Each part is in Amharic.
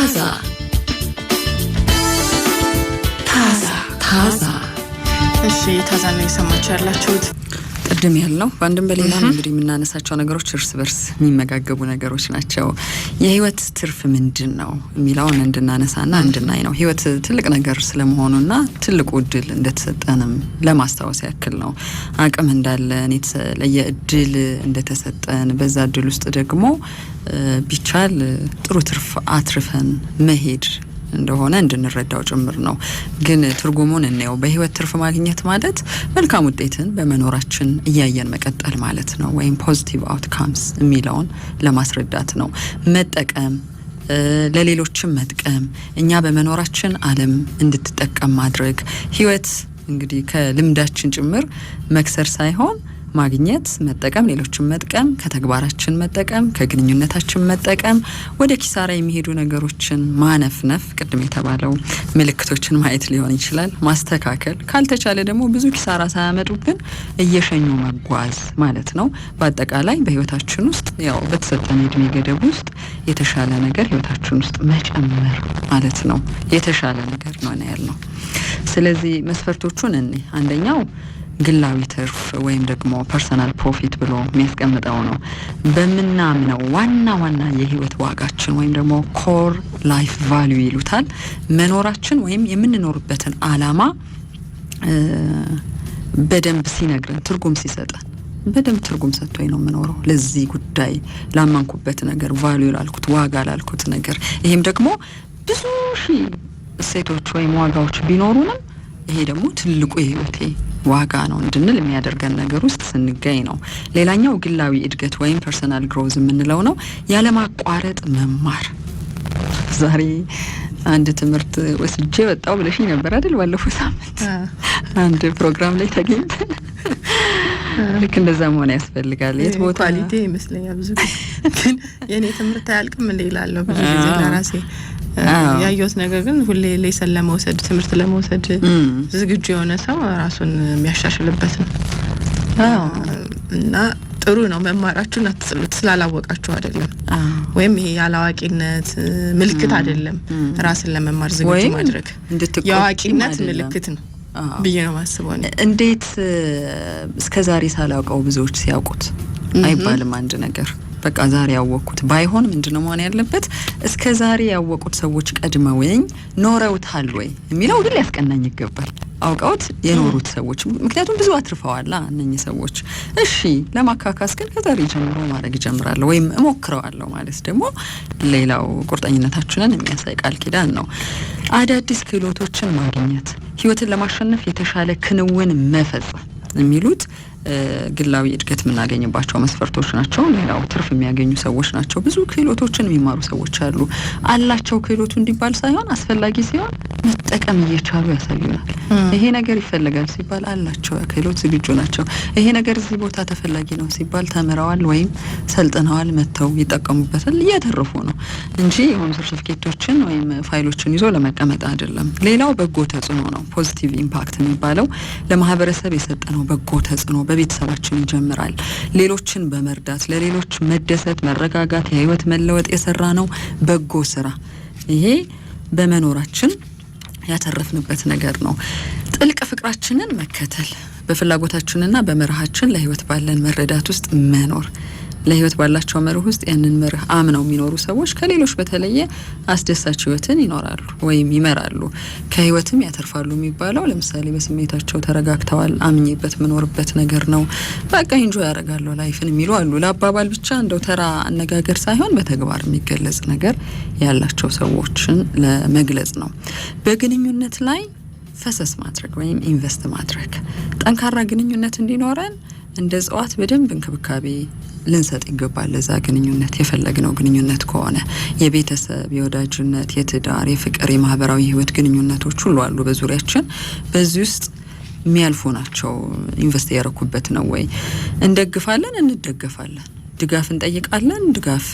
Taza. Taza. Taza. እሺ ታዛን ነው የሰማችሁ ያላችሁት። ቅድም ያልነው በአንድም በሌላ እንግዲህ የምናነሳቸው ነገሮች እርስ በርስ የሚመጋገቡ ነገሮች ናቸው። የህይወት ትርፍ ምንድን ነው የሚለውን እንድናነሳና እንድናይ ነው። ህይወት ትልቅ ነገር ስለመሆኑና ትልቁ እድል እንደተሰጠንም ለማስታወስ ያክል ነው። አቅም እንዳለን የተለየ እድል እንደተሰጠን በዛ እድል ውስጥ ደግሞ ቢቻል ጥሩ ትርፍ አትርፈን መሄድ እንደሆነ እንድንረዳው ጭምር ነው። ግን ትርጉሙን እናየው። በህይወት ትርፍ ማግኘት ማለት መልካም ውጤትን በመኖራችን እያየን መቀጠል ማለት ነው፣ ወይም ፖዚቲቭ አውትካምስ የሚለውን ለማስረዳት ነው። መጠቀም ለሌሎችም መጥቀም፣ እኛ በመኖራችን ዓለም እንድትጠቀም ማድረግ ህይወት እንግዲህ ከልምዳችን ጭምር መክሰር ሳይሆን ማግኘት መጠቀም፣ ሌሎችን መጥቀም፣ ከተግባራችን መጠቀም፣ ከግንኙነታችን መጠቀም፣ ወደ ኪሳራ የሚሄዱ ነገሮችን ማነፍነፍ፣ ቅድም የተባለው ምልክቶችን ማየት ሊሆን ይችላል፣ ማስተካከል፣ ካልተቻለ ደግሞ ብዙ ኪሳራ ሳያመጡብን እየሸኙ መጓዝ ማለት ነው። በአጠቃላይ በህይወታችን ውስጥ ያው በተሰጠን እድሜ ገደብ ውስጥ የተሻለ ነገር ህይወታችን ውስጥ መጨመር ማለት ነው። የተሻለ ነገር ነው ነው። ስለዚህ መስፈርቶቹን እኔ አንደኛው ግላዊ ትርፍ ወይም ደግሞ ፐርሰናል ፕሮፊት ብሎ የሚያስቀምጠው ነው። በምናምነው ዋና ዋና የህይወት ዋጋችን ወይም ደግሞ ኮር ላይፍ ቫሊዩ ይሉታል መኖራችን ወይም የምንኖርበትን አላማ በደንብ ሲነግረን ትርጉም ሲሰጠን በደንብ ትርጉም ሰጥቶኝ ነው የምኖረው። ለዚህ ጉዳይ ላመንኩበት ነገር ቫሉ ላልኩት ዋጋ ላልኩት ነገር ይሄም ደግሞ ብዙ ሺህ እሴቶች ወይም ዋጋዎች ቢኖሩንም ይሄ ደግሞ ትልቁ የህይወቴ ዋጋ ነው እንድንል የሚያደርገን ነገር ውስጥ ስንገኝ ነው። ሌላኛው ግላዊ እድገት ወይም ፐርሰናል ግሮዝ የምንለው ነው። ያለማቋረጥ መማር ዛሬ አንድ ትምህርት ወስጄ ወጣው ብለሽ ነበር አይደል? ባለፈው ሳምንት አንድ ፕሮግራም ላይ ተገኝተ ልክ እንደዛ መሆን ያስፈልጋል። የት ቦታ ኳሊቲ ይመስለኛል ብዙ ግን የእኔ ትምህርት አያልቅም እንደ ይላለሁ ብዙ ጊዜ ለራሴ ያየሁት ነገር ግን ሁሌ ሌሰን ለመውሰድ ትምህርት ለመውሰድ ዝግጁ የሆነ ሰው ራሱን የሚያሻሽልበት ነው እና ጥሩ ነው። መማራችሁን አትጥሉት። ስላላወቃችሁ አይደለም፣ ወይም ይሄ ያለአዋቂነት ምልክት አይደለም። ራስን ለመማር ዝግጁ ማድረግ የአዋቂነት ምልክት ነው ብዬ ነው ማስበው። እንዴት እስከዛሬ ሳላውቀው ብዙዎች ሲያውቁት አይባልም አንድ ነገር በቃ ዛሬ ያወቅኩት ባይሆን ምንድነው መሆን ያለበት? እስከ ዛሬ ያወቁት ሰዎች ቀድመውኝ ኖረውታል ወይ የሚለው ግን ሊያስቀናኝ ይገባል። አውቀውት የኖሩት ሰዎች ምክንያቱም ብዙ አትርፈዋል እነኚህ ሰዎች። እሺ ለማካካስ ግን ከዛሬ ጀምሮ ማድረግ እጀምራለሁ ወይም እሞክረዋለሁ ማለት ደግሞ ሌላው ቁርጠኝነታችንን የሚያሳይ ቃል ኪዳን ነው። አዳዲስ ክህሎቶችን ማግኘት፣ ህይወትን ለማሸነፍ የተሻለ ክንውን መፈጸም የሚሉት ግላዊ እድገት የምናገኝባቸው መስፈርቶች ናቸው። ሌላው ትርፍ የሚያገኙ ሰዎች ናቸው። ብዙ ክህሎቶችን የሚማሩ ሰዎች አሉ። አላቸው ክህሎቱ እንዲባል ሳይሆን አስፈላጊ ሲሆን መጠቀም እየቻሉ ያሳዩናል። ይሄ ነገር ይፈልጋል ሲባል አላቸው ክህሎት፣ ዝግጁ ናቸው። ይሄ ነገር እዚህ ቦታ ተፈላጊ ነው ሲባል ተምረዋል ወይም ሰልጥነዋል፣ መጥተው ይጠቀሙበታል፣ እያተረፉ ነው እንጂ የሆኑ ሰርቲፊኬቶችን ወይም ፋይሎችን ይዞ ለመቀመጥ አይደለም። ሌላው በጎ ተጽዕኖ ነው። ፖዚቲቭ ኢምፓክት የሚባለው ለማህበረሰብ የሰጠነው በጎ ተጽዕኖ በቤተሰባችን ይጀምራል። ሌሎችን በመርዳት ለሌሎች መደሰት፣ መረጋጋት፣ የህይወት መለወጥ የሰራ ነው በጎ ስራ ይሄ በመኖራችን ያተረፍንበት ነገር ነው። ጥልቅ ፍቅራችንን መከተል፣ በፍላጎታችንና በመርሃችን ለህይወት ባለን መረዳት ውስጥ መኖር ለህይወት ባላቸው መርህ ውስጥ ያንን መርህ አምነው የሚኖሩ ሰዎች ከሌሎች በተለየ አስደሳች ህይወትን ይኖራሉ ወይም ይመራሉ፣ ከህይወትም ያተርፋሉ የሚባለው ለምሳሌ በስሜታቸው ተረጋግተዋል፣ አምኜበት የምኖርበት ነገር ነው፣ በቃ እንጆ ያደርጋለሁ ላይፍን የሚሉ አሉ። ለአባባል ብቻ እንደው ተራ አነጋገር ሳይሆን በተግባር የሚገለጽ ነገር ያላቸው ሰዎችን ለመግለጽ ነው። በግንኙነት ላይ ፈሰስ ማድረግ ወይም ኢንቨስት ማድረግ ጠንካራ ግንኙነት እንዲኖረን እንደ እጽዋት በደንብ እንክብካቤ ልንሰጥ ይገባል። ለዛ ግንኙነት የፈለግነው ግንኙነት ከሆነ የቤተሰብ፣ የወዳጅነት፣ የትዳር፣ የፍቅር፣ የማህበራዊ ህይወት ግንኙነቶች ሁሉ አሉ በዙሪያችን። በዚህ ውስጥ የሚያልፉ ናቸው። ኢንቨስት ያረኩበት ነው ወይ እንደግፋለን፣ እንደገፋለን፣ ድጋፍ እንጠይቃለን፣ ድጋፍ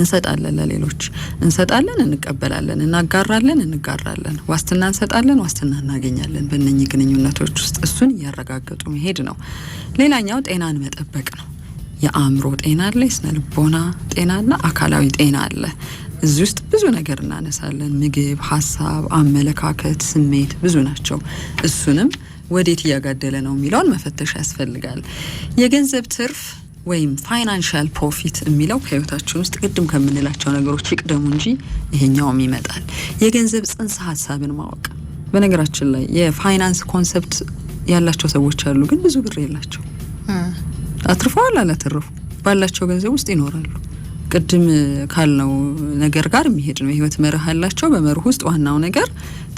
እንሰጣለን፣ ለሌሎች እንሰጣለን፣ እንቀበላለን፣ እናጋራለን፣ እንጋራለን፣ ዋስትና እንሰጣለን፣ ዋስትና እናገኛለን። በእነኚህ ግንኙነቶች ውስጥ እሱን እያረጋገጡ መሄድ ነው። ሌላኛው ጤናን መጠበቅ ነው። የአእምሮ ጤና አለ፣ የስነ ልቦና ጤና አለ፣ አካላዊ ጤና አለ። እዚህ ውስጥ ብዙ ነገር እናነሳለን። ምግብ፣ ሀሳብ፣ አመለካከት፣ ስሜት ብዙ ናቸው። እሱንም ወዴት እያጋደለ ነው የሚለውን መፈተሽ ያስፈልጋል። የገንዘብ ትርፍ ወይም ፋይናንሻል ፕሮፊት የሚለው ከህይወታችን ውስጥ ቅድም ከምንላቸው ነገሮች ይቅደሙ እንጂ ይሄኛውም ይመጣል። የገንዘብ ጽንሰ ሀሳብን ማወቅ። በነገራችን ላይ የፋይናንስ ኮንሰፕት ያላቸው ሰዎች አሉ፣ ግን ብዙ ብር የላቸው አትርፈዋል አላተረፉ ባላቸው ገንዘብ ውስጥ ይኖራሉ። ቅድም ካልነው ነገር ጋር የሚሄድ ነው። የህይወት መርህ አላቸው። በመርህ ውስጥ ዋናው ነገር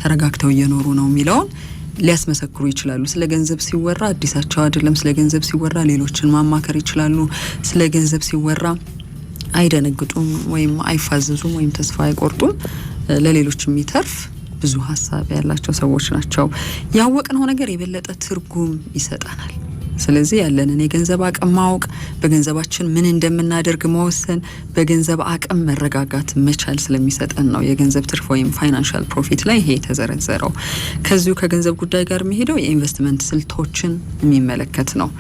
ተረጋግተው እየኖሩ ነው የሚለውን ሊያስመሰክሩ ይችላሉ። ስለ ገንዘብ ሲወራ አዲሳቸው አይደለም። ስለ ገንዘብ ሲወራ ሌሎችን ማማከር ይችላሉ። ስለ ገንዘብ ሲወራ አይደነግጡም ወይም አይፋዘዙም ወይም ተስፋ አይቆርጡም። ለሌሎች የሚተርፍ ብዙ ሀሳብ ያላቸው ሰዎች ናቸው። ያወቅነው ነገር የበለጠ ትርጉም ይሰጠናል። ስለዚህ ያለንን የገንዘብ አቅም ማወቅ፣ በገንዘባችን ምን እንደምናደርግ መወሰን፣ በገንዘብ አቅም መረጋጋት መቻል ስለሚሰጠን ነው የገንዘብ ትርፍ ወይም ፋይናንሻል ፕሮፊት ላይ ይሄ የተዘረዘረው። ከዚሁ ከገንዘብ ጉዳይ ጋር የሚሄደው የኢንቨስትመንት ስልቶችን የሚመለከት ነው።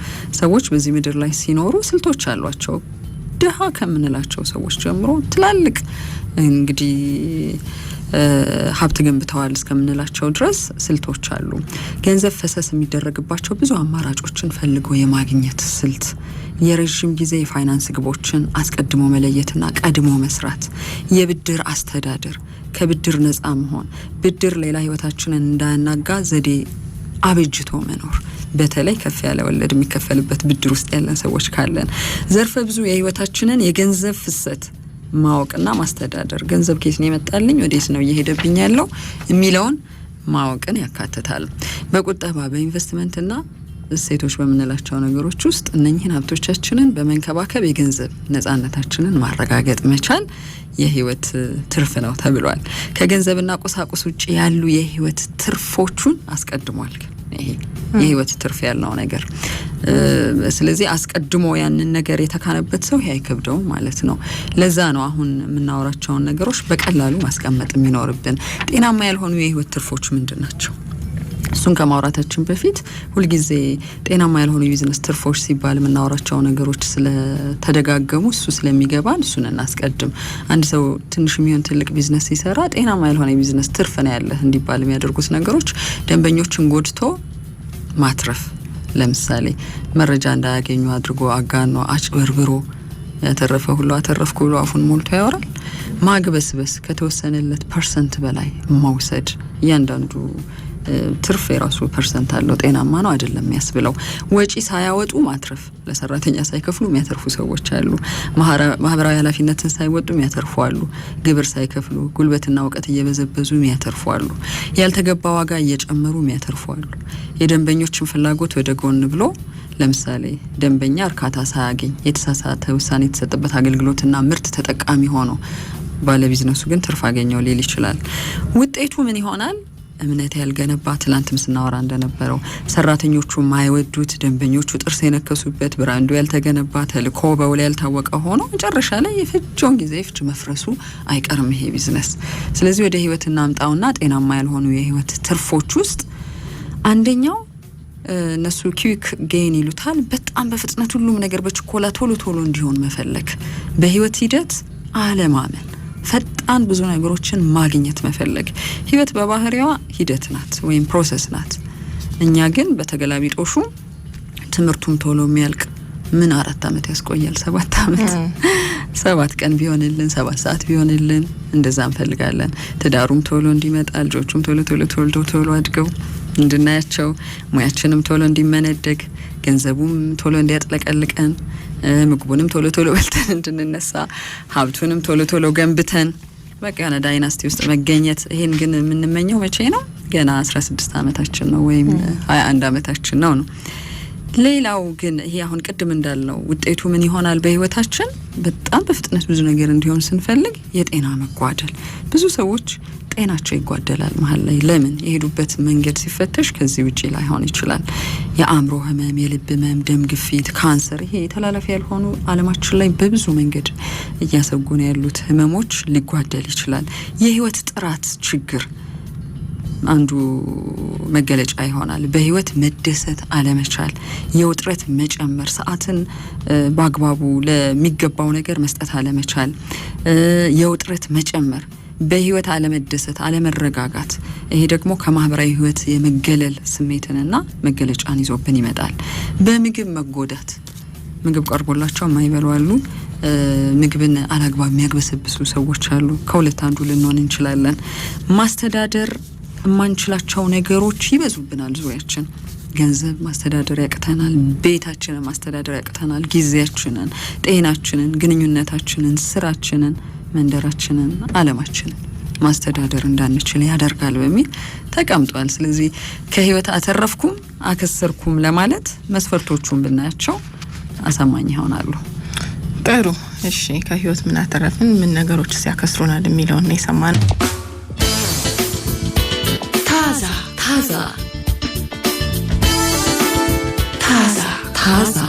ሰዎች በዚህ ምድር ላይ ሲኖሩ ስልቶች አሏቸው። ድሃ ከምንላቸው ሰዎች ጀምሮ ትላልቅ እንግዲህ ሀብት ገንብተዋል እስከምንላቸው ድረስ ስልቶች አሉ። ገንዘብ ፈሰስ የሚደረግባቸው ብዙ አማራጮችን ፈልጎ የማግኘት ስልት፣ የረዥም ጊዜ የፋይናንስ ግቦችን አስቀድሞ መለየትና ቀድሞ መስራት፣ የብድር አስተዳደር፣ ከብድር ነፃ መሆን፣ ብድር ሌላ ህይወታችንን እንዳያናጋ ዘዴ አበጅቶ መኖር በተለይ ከፍ ያለ ወለድ የሚከፈልበት ብድር ውስጥ ያለን ሰዎች ካለን ዘርፈ ብዙ የህይወታችንን የገንዘብ ፍሰት ማወቅና ማስተዳደር ገንዘብ ከየት ነው የመጣልኝ፣ ወዴት ነው እየሄደብኝ ያለው የሚለውን ማወቅን ያካትታል። በቁጠባ በኢንቨስትመንትና እሴቶች በምንላቸው ነገሮች ውስጥ እነኚህን ሀብቶቻችንን በመንከባከብ የገንዘብ ነጻነታችንን ማረጋገጥ መቻል የህይወት ትርፍ ነው ተብሏል። ከገንዘብና ቁሳቁስ ውጭ ያሉ የህይወት ትርፎቹን አስቀድሟል። ይሄ የህይወት ትርፍ ያለው ነገር። ስለዚህ አስቀድሞ ያንን ነገር የተካነበት ሰው ይሄ አይከብደውም ማለት ነው። ለዛ ነው አሁን የምናወራቸውን ነገሮች በቀላሉ ማስቀመጥ የሚኖርብን። ጤናማ ያልሆኑ የህይወት ትርፎች ምንድን ናቸው? እሱን ከማውራታችን በፊት ሁልጊዜ ጤናማ ያልሆኑ የቢዝነስ ትርፎች ሲባል የምናወራቸው ነገሮች ስለተደጋገሙ እሱ ስለሚገባን እሱን እናስቀድም። አንድ ሰው ትንሽ የሚሆን ትልቅ ቢዝነስ ሲሰራ ጤናማ ያልሆነ የቢዝነስ ትርፍ ነው ያለህ እንዲባል የሚያደርጉት ነገሮች ደንበኞችን ጎድቶ ማትረፍ፣ ለምሳሌ መረጃ እንዳያገኙ አድርጎ አጋኖ አጭበርብሮ ያተረፈ ሁሉ አተረፍኩ ብሎ አፉን ሞልቶ ያወራል። ማግበስበስ፣ ከተወሰነለት ፐርሰንት በላይ መውሰድ እያንዳንዱ ትርፍ የራሱ ፐርሰንት አለው። ጤናማ ነው አይደለም የሚያስብለው። ወጪ ሳያወጡ ማትረፍ፣ ለሰራተኛ ሳይከፍሉ የሚያተርፉ ሰዎች አሉ። ማህበራዊ ኃላፊነትን ሳይወጡ የሚያተርፉ አሉ። ግብር ሳይከፍሉ ጉልበትና እውቀት እየበዘበዙ የሚያተርፉ አሉ። ያልተገባ ዋጋ እየጨመሩ የሚያተርፉ አሉ። የደንበኞችን ፍላጎት ወደ ጎን ብሎ ለምሳሌ ደንበኛ እርካታ ሳያገኝ የተሳሳተ ውሳኔ የተሰጠበት አገልግሎትና ምርት ተጠቃሚ ሆኖ ባለቢዝነሱ ግን ትርፍ አገኘው ሊል ይችላል። ውጤቱ ምን ይሆናል? እምነት ያልገነባ ትላንትም ስናወራ እንደነበረው ሰራተኞቹ የማይወዱት ደንበኞቹ ጥርስ የነከሱበት ብራንዱ ያልተገነባ ተልኮ በውል ያልታወቀ ሆኖ መጨረሻ ላይ የፍጆን ጊዜ የፍጅ መፍረሱ አይቀርም ይሄ ቢዝነስ። ስለዚህ ወደ ህይወት እናምጣውና ጤናማ ያልሆኑ የህይወት ትርፎች ውስጥ አንደኛው እነሱ ኪዊክ ጌን ይሉታል። በጣም በፍጥነት ሁሉም ነገር በችኮላ ቶሎ ቶሎ እንዲሆን መፈለግ፣ በህይወት ሂደት አለማመን ፈጣን ብዙ ነገሮችን ማግኘት መፈለግ። ህይወት በባህሪዋ ሂደት ናት ወይም ፕሮሰስ ናት። እኛ ግን በተገላቢጦሹ ትምህርቱም ቶሎ የሚያልቅ ምን አራት አመት ያስቆያል? ሰባት አመት ሰባት ቀን ቢሆንልን ሰባት ሰዓት ቢሆንልን እንደዛ እንፈልጋለን። ትዳሩም ቶሎ እንዲመጣ ልጆቹም ቶሎ ቶሎ ተወልዶ ቶሎ አድገው እንድናያቸው ሙያችንም ቶሎ እንዲመነደግ ገንዘቡም ቶሎ እንዲያጥለቀልቀን ምግቡንም ቶሎ ቶሎ በልተን እንድንነሳ ሀብቱንም ቶሎ ቶሎ ገንብተን በቃ የሆነ ዳይናስቲ ውስጥ መገኘት። ይሄን ግን የምንመኘው መቼ ነው? ገና አስራ ስድስት አመታችን ነው ወይም ሀያ አንድ አመታችን ነው ነው ሌላው ግን ይሄ አሁን ቅድም እንዳልነው ውጤቱ ምን ይሆናል? በህይወታችን በጣም በፍጥነት ብዙ ነገር እንዲሆን ስንፈልግ የጤና መጓደል፣ ብዙ ሰዎች ጤናቸው ይጓደላል መሀል ላይ። ለምን የሄዱበት መንገድ ሲፈተሽ ከዚህ ውጪ ላይሆን ይችላል። የአእምሮ ህመም፣ የልብ ህመም፣ ደም ግፊት፣ ካንሰር፣ ይሄ ተላላፊ ያልሆኑ አለማችን ላይ በብዙ መንገድ እያሰጉን ያሉት ህመሞች ሊጓደል ይችላል። የህይወት ጥራት ችግር አንዱ መገለጫ ይሆናል። በህይወት መደሰት አለመቻል፣ የውጥረት መጨመር፣ ሰዓትን በአግባቡ ለሚገባው ነገር መስጠት አለመቻል፣ የውጥረት መጨመር በህይወት አለመደሰት፣ አለመረጋጋት። ይሄ ደግሞ ከማህበራዊ ህይወት የመገለል ስሜትንና መገለጫን ይዞብን ይመጣል። በምግብ መጎዳት፣ ምግብ ቀርቦላቸው የማይበሉ አሉ። ምግብን አላግባብ የሚያግበሰብሱ ሰዎች አሉ። ከሁለት አንዱ ልንሆን እንችላለን። ማስተዳደር የማንችላቸው ነገሮች ይበዙብናል ዙሪያችን ገንዘብ ማስተዳደር ያቅተናል። ቤታችንን ማስተዳደር ያቅተናል። ጊዜያችንን፣ ጤናችንን፣ ግንኙነታችንን፣ ስራችንን፣ መንደራችንን፣ አለማችንን ማስተዳደር እንዳንችል ያደርጋል በሚል ተቀምጧል። ስለዚህ ከህይወት አተረፍኩም አከሰርኩም ለማለት መስፈርቶቹን ብናያቸው አሳማኝ ይሆናሉ። ጥሩ። እሺ፣ ከህይወት ምን አተረፍን፣ ምን ነገሮች ሲያከስሩናል የሚለውን ነው ターザーターザーターザ